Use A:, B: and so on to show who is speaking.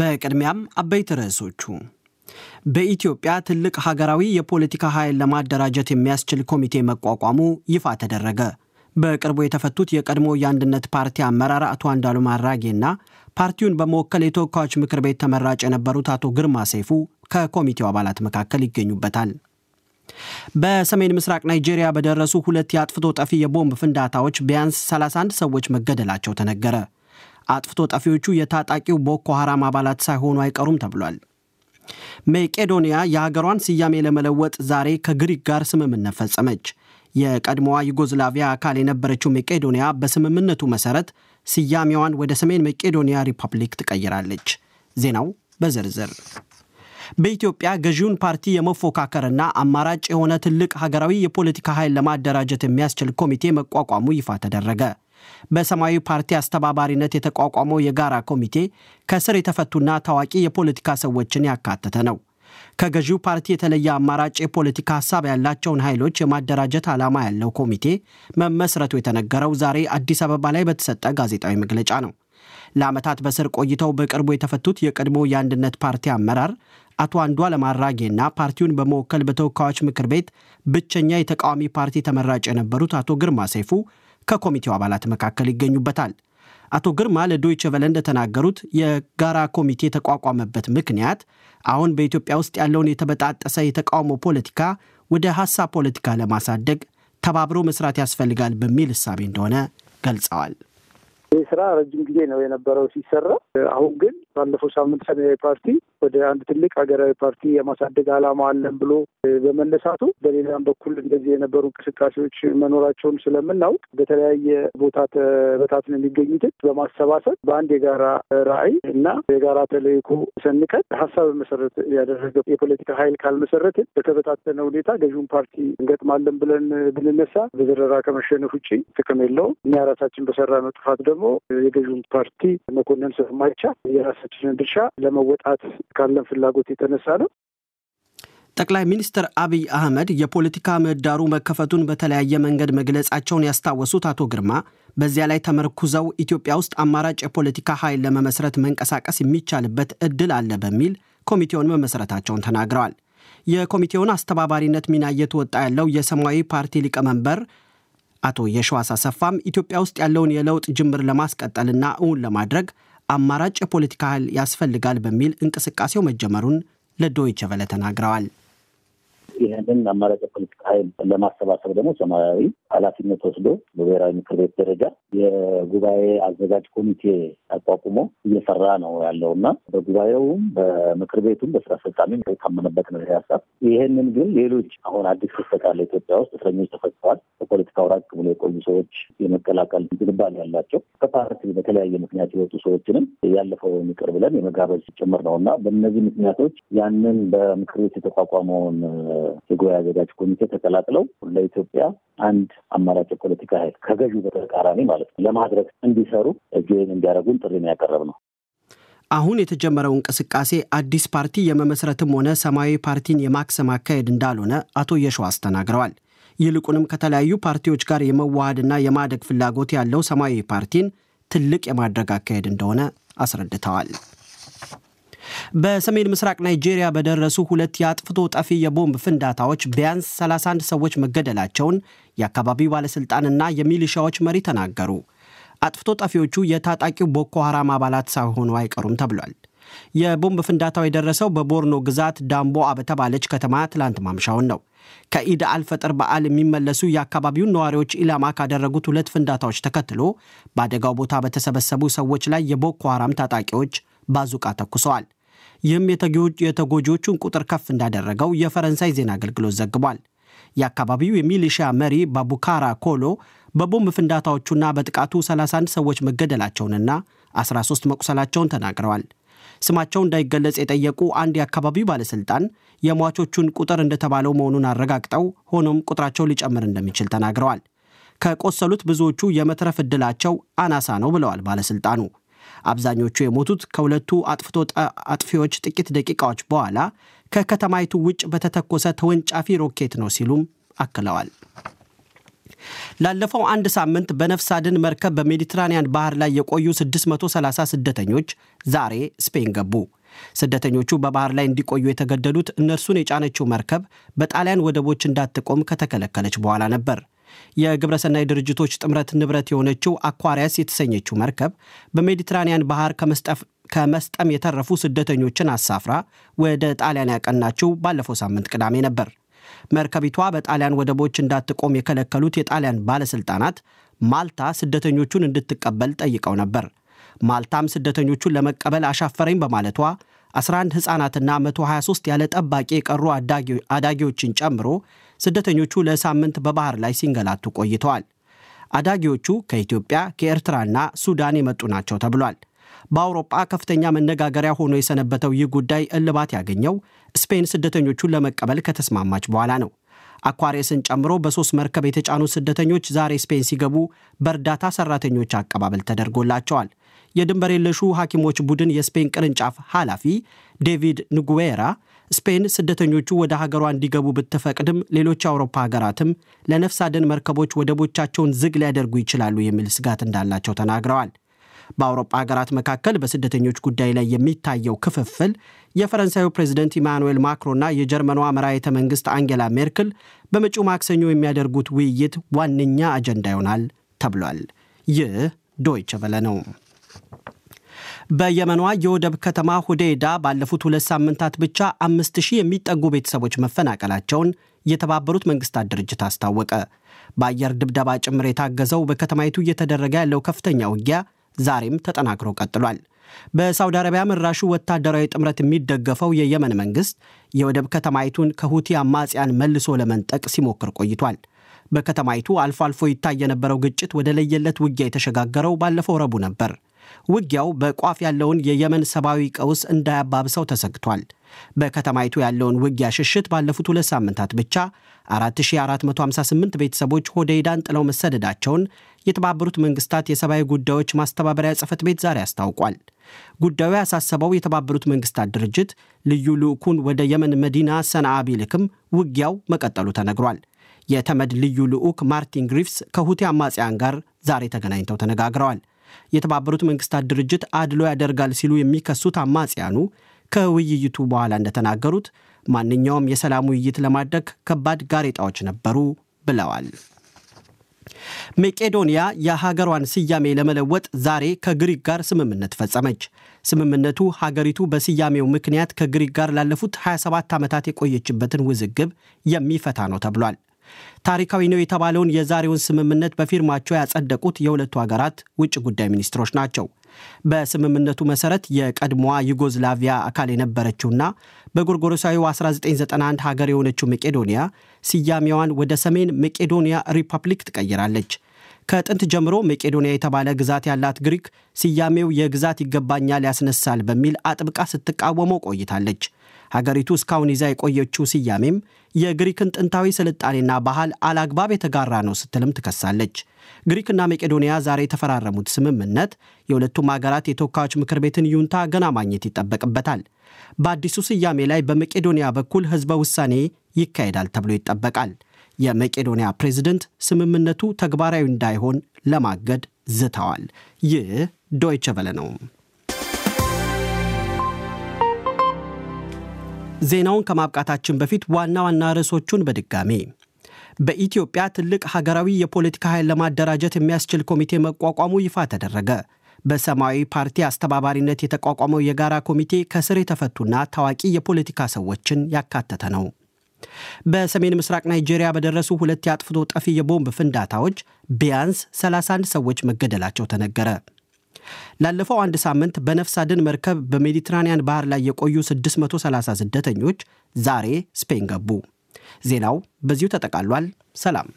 A: በቅድሚያም አበይት ርዕሶቹ በኢትዮጵያ ትልቅ ሀገራዊ የፖለቲካ ኃይል ለማደራጀት የሚያስችል ኮሚቴ መቋቋሙ ይፋ ተደረገ። በቅርቡ የተፈቱት የቀድሞ የአንድነት ፓርቲ አመራር አቶ አንዳሉም አራጌና ፓርቲውን በመወከል የተወካዮች ምክር ቤት ተመራጭ የነበሩት አቶ ግርማ ሰይፉ ከኮሚቴው አባላት መካከል ይገኙበታል። በሰሜን ምስራቅ ናይጄሪያ በደረሱ ሁለት የአጥፍቶ ጠፊ የቦምብ ፍንዳታዎች ቢያንስ 31 ሰዎች መገደላቸው ተነገረ። አጥፍቶ ጠፊዎቹ የታጣቂው ቦኮ ሐራም አባላት ሳይሆኑ አይቀሩም ተብሏል። መቄዶንያ የሀገሯን ስያሜ ለመለወጥ ዛሬ ከግሪክ ጋር ስምምነት ፈጸመች። የቀድሞዋ ዩጎዝላቪያ አካል የነበረችው መቄዶንያ በስምምነቱ መሠረት ስያሜዋን ወደ ሰሜን መቄዶንያ ሪፐብሊክ ትቀይራለች። ዜናው በዝርዝር በኢትዮጵያ ገዢውን ፓርቲ የመፎካከርና አማራጭ የሆነ ትልቅ ሀገራዊ የፖለቲካ ኃይል ለማደራጀት የሚያስችል ኮሚቴ መቋቋሙ ይፋ ተደረገ። በሰማያዊ ፓርቲ አስተባባሪነት የተቋቋመው የጋራ ኮሚቴ ከስር የተፈቱና ታዋቂ የፖለቲካ ሰዎችን ያካተተ ነው። ከገዢው ፓርቲ የተለየ አማራጭ የፖለቲካ ሀሳብ ያላቸውን ኃይሎች የማደራጀት ዓላማ ያለው ኮሚቴ መመስረቱ የተነገረው ዛሬ አዲስ አበባ ላይ በተሰጠ ጋዜጣዊ መግለጫ ነው። ለዓመታት በስር ቆይተው በቅርቡ የተፈቱት የቀድሞ የአንድነት ፓርቲ አመራር አቶ አንዷለም አራጌና ፓርቲውን በመወከል በተወካዮች ምክር ቤት ብቸኛ የተቃዋሚ ፓርቲ ተመራጭ የነበሩት አቶ ግርማ ሰይፉ ከኮሚቴው አባላት መካከል ይገኙበታል። አቶ ግርማ ለዶይቸ ቨለ እንደተናገሩት የጋራ ኮሚቴ የተቋቋመበት ምክንያት አሁን በኢትዮጵያ ውስጥ ያለውን የተበጣጠሰ የተቃውሞ ፖለቲካ ወደ ሀሳብ ፖለቲካ ለማሳደግ ተባብሮ መስራት ያስፈልጋል በሚል እሳቤ እንደሆነ ገልጸዋል። ይህ ስራ ረጅም ጊዜ ነው የነበረው ሲሰራ። አሁን ግን ባለፈው ሳምንት ሰማያዊ ፓርቲ ወደ አንድ ትልቅ ሀገራዊ ፓርቲ የማሳደግ አላማ አለን ብሎ በመነሳቱ በሌላም በኩል እንደዚህ የነበሩ እንቅስቃሴዎች መኖራቸውን ስለምናውቅ በተለያየ ቦታ ነው የሚገኙትን በማሰባሰብ በአንድ የጋራ ራዕይ እና የጋራ ተልእኮ ሰንቀን ሀሳብ መሰረት ያደረገ የፖለቲካ ኃይል ካልመሰረትን በተበታተነ ሁኔታ ገዥውን ፓርቲ እንገጥማለን ብለን ብንነሳ በዘረራ ከመሸነፍ ውጭ ጥቅም የለውም። እኛ ራሳችን ነው ጥፋት ደግሞ ደግሞ የገዥውን ፓርቲ መኮንን ስለማይቻል የራሳችንን ድርሻ ለመወጣት ካለን ፍላጎት የተነሳ ነው። ጠቅላይ ሚኒስትር አብይ አህመድ የፖለቲካ ምህዳሩ መከፈቱን በተለያየ መንገድ መግለጻቸውን ያስታወሱት አቶ ግርማ በዚያ ላይ ተመርኩዘው ኢትዮጵያ ውስጥ አማራጭ የፖለቲካ ኃይል ለመመስረት መንቀሳቀስ የሚቻልበት እድል አለ በሚል ኮሚቴውን መመስረታቸውን ተናግረዋል። የኮሚቴውን አስተባባሪነት ሚና እየተወጣ ያለው የሰማያዊ ፓርቲ ሊቀመንበር አቶ የሸዋስ አሰፋም ኢትዮጵያ ውስጥ ያለውን የለውጥ ጅምር ለማስቀጠልና እውን ለማድረግ አማራጭ የፖለቲካ ኃይል ያስፈልጋል በሚል እንቅስቃሴው መጀመሩን ለዶይቸ ቨለ ተናግረዋል። ይህንን አማራጭ ኃይል ለማሰባሰብ ደግሞ ሰማያዊ ኃላፊነት ወስዶ በብሔራዊ ምክር ቤት ደረጃ የጉባኤ አዘጋጅ ኮሚቴ አቋቁሞ እየሰራ ነው ያለው እና በጉባኤውም በምክር ቤቱም በስራ አስፈጻሚ የታመነበት ነው ሀሳብ። ይህንን ግን ሌሎች አሁን አዲስ ክስተት አለ ኢትዮጵያ ውስጥ እስረኞች ተፈተዋል። በፖለቲካው ራቅ ብሎ የቆዩ ሰዎች የመቀላቀል ግንባል ያላቸው ከፓርቲ በተለያየ ምክንያት የወጡ ሰዎችንም ያለፈውን ይቅር ብለን የመጋበዝ ጭምር ነው እና በእነዚህ ምክንያቶች ያንን በምክር ቤት የተቋቋመውን የጉባኤ አዘጋጅ ኮሚቴ ተቀላቅለው ለኢትዮጵያ አንድ አማራጭ የፖለቲካ ኃይል ከገዢው በተቃራኒ ማለት ነው ለማድረግ እንዲሰሩ እጅን እንዲያደረጉን ጥሪ ነው ያቀረብ ነው። አሁን የተጀመረው እንቅስቃሴ አዲስ ፓርቲ የመመስረትም ሆነ ሰማያዊ ፓርቲን የማክሰም አካሄድ እንዳልሆነ አቶ የሸዋስ ተናግረዋል። ይልቁንም ከተለያዩ ፓርቲዎች ጋር የመዋሃድና የማደግ ፍላጎት ያለው ሰማያዊ ፓርቲን ትልቅ የማድረግ አካሄድ እንደሆነ አስረድተዋል። በሰሜን ምስራቅ ናይጄሪያ በደረሱ ሁለት የአጥፍቶ ጠፊ የቦምብ ፍንዳታዎች ቢያንስ 31 ሰዎች መገደላቸውን የአካባቢው ባለሥልጣንና የሚሊሻዎች መሪ ተናገሩ። አጥፍቶ ጠፊዎቹ የታጣቂው ቦኮ ሐራም አባላት ሳይሆኑ አይቀሩም ተብሏል። የቦምብ ፍንዳታው የደረሰው በቦርኖ ግዛት ዳምቦአ በተባለች ከተማ ትላንት ማምሻውን ነው። ከኢድ አልፈጥር በዓል የሚመለሱ የአካባቢውን ነዋሪዎች ኢላማ ካደረጉት ሁለት ፍንዳታዎች ተከትሎ በአደጋው ቦታ በተሰበሰቡ ሰዎች ላይ የቦኮ ሐራም ታጣቂዎች ባዙቃ ተኩሰዋል። ይህም የተጎጂዎቹን ቁጥር ከፍ እንዳደረገው የፈረንሳይ ዜና አገልግሎት ዘግቧል። የአካባቢው የሚሊሺያ መሪ ባቡካራ ኮሎ በቦምብ ፍንዳታዎቹና በጥቃቱ 31 ሰዎች መገደላቸውንና 13 መቁሰላቸውን ተናግረዋል። ስማቸው እንዳይገለጽ የጠየቁ አንድ የአካባቢው ባለሥልጣን የሟቾቹን ቁጥር እንደተባለው መሆኑን አረጋግጠው ሆኖም ቁጥራቸው ሊጨምር እንደሚችል ተናግረዋል። ከቆሰሉት ብዙዎቹ የመትረፍ ዕድላቸው አናሳ ነው ብለዋል ባለሥልጣኑ። አብዛኞቹ የሞቱት ከሁለቱ አጥፍቶ አጥፊዎች ጥቂት ደቂቃዎች በኋላ ከከተማይቱ ውጭ በተተኮሰ ተወንጫፊ ሮኬት ነው ሲሉም አክለዋል። ላለፈው አንድ ሳምንት በነፍስ አድን መርከብ በሜዲትራንያን ባህር ላይ የቆዩ 630 ስደተኞች ዛሬ ስፔን ገቡ። ስደተኞቹ በባህር ላይ እንዲቆዩ የተገደዱት እነርሱን የጫነችው መርከብ በጣሊያን ወደቦች እንዳትቆም ከተከለከለች በኋላ ነበር። የግብረሰናይ ድርጅቶች ጥምረት ንብረት የሆነችው አኳሪያስ የተሰኘችው መርከብ በሜዲትራኒያን ባህር ከመስጠም የተረፉ ስደተኞችን አሳፍራ ወደ ጣሊያን ያቀናችው ባለፈው ሳምንት ቅዳሜ ነበር። መርከቢቷ በጣሊያን ወደቦች እንዳትቆም የከለከሉት የጣሊያን ባለሥልጣናት ማልታ ስደተኞቹን እንድትቀበል ጠይቀው ነበር። ማልታም ስደተኞቹን ለመቀበል አሻፈረኝ በማለቷ 11 ሕፃናትና 123 ያለ ጠባቂ የቀሩ አዳጊዎችን ጨምሮ ስደተኞቹ ለሳምንት በባህር ላይ ሲንገላቱ ቆይተዋል። አዳጊዎቹ ከኢትዮጵያ ከኤርትራና ሱዳን የመጡ ናቸው ተብሏል። በአውሮጳ ከፍተኛ መነጋገሪያ ሆኖ የሰነበተው ይህ ጉዳይ እልባት ያገኘው ስፔን ስደተኞቹን ለመቀበል ከተስማማች በኋላ ነው። አኳሬስን ጨምሮ በሦስት መርከብ የተጫኑ ስደተኞች ዛሬ ስፔን ሲገቡ በእርዳታ ሠራተኞች አቀባበል ተደርጎላቸዋል። የድንበር የለሹ ሐኪሞች ቡድን የስፔን ቅርንጫፍ ኃላፊ ዴቪድ ንጉዌራ ስፔን ስደተኞቹ ወደ ሀገሯ እንዲገቡ ብትፈቅድም ሌሎች አውሮፓ ሀገራትም ለነፍስ አድን መርከቦች ወደቦቻቸውን ዝግ ሊያደርጉ ይችላሉ የሚል ስጋት እንዳላቸው ተናግረዋል። በአውሮፓ ሀገራት መካከል በስደተኞች ጉዳይ ላይ የሚታየው ክፍፍል የፈረንሳዩ ፕሬዝደንት ኢማኑኤል ማክሮና የጀርመኗ መራየተ መንግስት አንጌላ ሜርክል በመጪው ማክሰኞ የሚያደርጉት ውይይት ዋነኛ አጀንዳ ይሆናል ተብሏል። ይህ ዶይቸ በለ ነው። በየመኗ የወደብ ከተማ ሁዴዳ ባለፉት ሁለት ሳምንታት ብቻ አምስት ሺህ የሚጠጉ ቤተሰቦች መፈናቀላቸውን የተባበሩት መንግስታት ድርጅት አስታወቀ። በአየር ድብደባ ጭምር የታገዘው በከተማይቱ እየተደረገ ያለው ከፍተኛ ውጊያ ዛሬም ተጠናክሮ ቀጥሏል። በሳውዲ አረቢያ መራሹ ወታደራዊ ጥምረት የሚደገፈው የየመን መንግስት የወደብ ከተማይቱን ከሁቲ አማጽያን መልሶ ለመንጠቅ ሲሞክር ቆይቷል። በከተማይቱ አልፎ አልፎ ይታይ የነበረው ግጭት ወደ ለየለት ውጊያ የተሸጋገረው ባለፈው ረቡዕ ነበር። ውጊያው በቋፍ ያለውን የየመን ሰብአዊ ቀውስ እንዳያባብሰው ተሰግቷል። በከተማይቱ ያለውን ውጊያ ሽሽት ባለፉት ሁለት ሳምንታት ብቻ 4458 ቤተሰቦች ሆዴይዳን ጥለው መሰደዳቸውን የተባበሩት መንግስታት የሰብአዊ ጉዳዮች ማስተባበሪያ ጽፈት ቤት ዛሬ አስታውቋል። ጉዳዩ ያሳሰበው የተባበሩት መንግስታት ድርጅት ልዩ ልዑኩን ወደ የመን መዲና ሰንዓ ቢልክም ውጊያው መቀጠሉ ተነግሯል። የተመድ ልዩ ልዑክ ማርቲን ግሪፍስ ከሁቲ አማጽያን ጋር ዛሬ ተገናኝተው ተነጋግረዋል። የተባበሩት መንግስታት ድርጅት አድሎ ያደርጋል ሲሉ የሚከሱት አማጽያኑ ከውይይቱ በኋላ እንደተናገሩት ማንኛውም የሰላም ውይይት ለማድረግ ከባድ ጋሬጣዎች ነበሩ ብለዋል። መቄዶንያ የሀገሯን ስያሜ ለመለወጥ ዛሬ ከግሪክ ጋር ስምምነት ፈጸመች። ስምምነቱ ሀገሪቱ በስያሜው ምክንያት ከግሪክ ጋር ላለፉት 27 ዓመታት የቆየችበትን ውዝግብ የሚፈታ ነው ተብሏል። ታሪካዊ ነው የተባለውን የዛሬውን ስምምነት በፊርማቸው ያጸደቁት የሁለቱ ሀገራት ውጭ ጉዳይ ሚኒስትሮች ናቸው። በስምምነቱ መሰረት የቀድሞዋ ዩጎዝላቪያ አካል የነበረችውና በጎርጎሮሳዊ 1991 ሀገር የሆነችው መቄዶንያ ስያሜዋን ወደ ሰሜን መቄዶንያ ሪፐብሊክ ትቀይራለች። ከጥንት ጀምሮ መቄዶንያ የተባለ ግዛት ያላት ግሪክ ስያሜው የግዛት ይገባኛል ያስነሳል በሚል አጥብቃ ስትቃወመው ቆይታለች። ሀገሪቱ እስካሁን ይዛ የቆየችው ስያሜም የግሪክን ጥንታዊ ስልጣኔና ባህል አላግባብ የተጋራ ነው ስትልም ትከሳለች። ግሪክና መቄዶንያ ዛሬ የተፈራረሙት ስምምነት የሁለቱም ሀገራት የተወካዮች ምክር ቤትን ይሁንታ ገና ማግኘት ይጠበቅበታል። በአዲሱ ስያሜ ላይ በመቄዶንያ በኩል ህዝበ ውሳኔ ይካሄዳል ተብሎ ይጠበቃል። የመቄዶንያ ፕሬዝደንት ስምምነቱ ተግባራዊ እንዳይሆን ለማገድ ዝተዋል። ይህ ዶይቸ ቨለ ነው። ዜናውን ከማብቃታችን በፊት ዋና ዋና ርዕሶቹን በድጋሜ በኢትዮጵያ ትልቅ ሀገራዊ የፖለቲካ ኃይል ለማደራጀት የሚያስችል ኮሚቴ መቋቋሙ ይፋ ተደረገ። በሰማያዊ ፓርቲ አስተባባሪነት የተቋቋመው የጋራ ኮሚቴ ከስር የተፈቱና ታዋቂ የፖለቲካ ሰዎችን ያካተተ ነው። በሰሜን ምስራቅ ናይጄሪያ በደረሱ ሁለት የአጥፍቶ ጠፊ የቦምብ ፍንዳታዎች ቢያንስ 31 ሰዎች መገደላቸው ተነገረ። ላለፈው አንድ ሳምንት በነፍስ አድን መርከብ በሜዲትራኒያን ባህር ላይ የቆዩ 630 ስደተኞች ዛሬ ስፔን ገቡ። ዜናው በዚሁ ተጠቃሏል። ሰላም።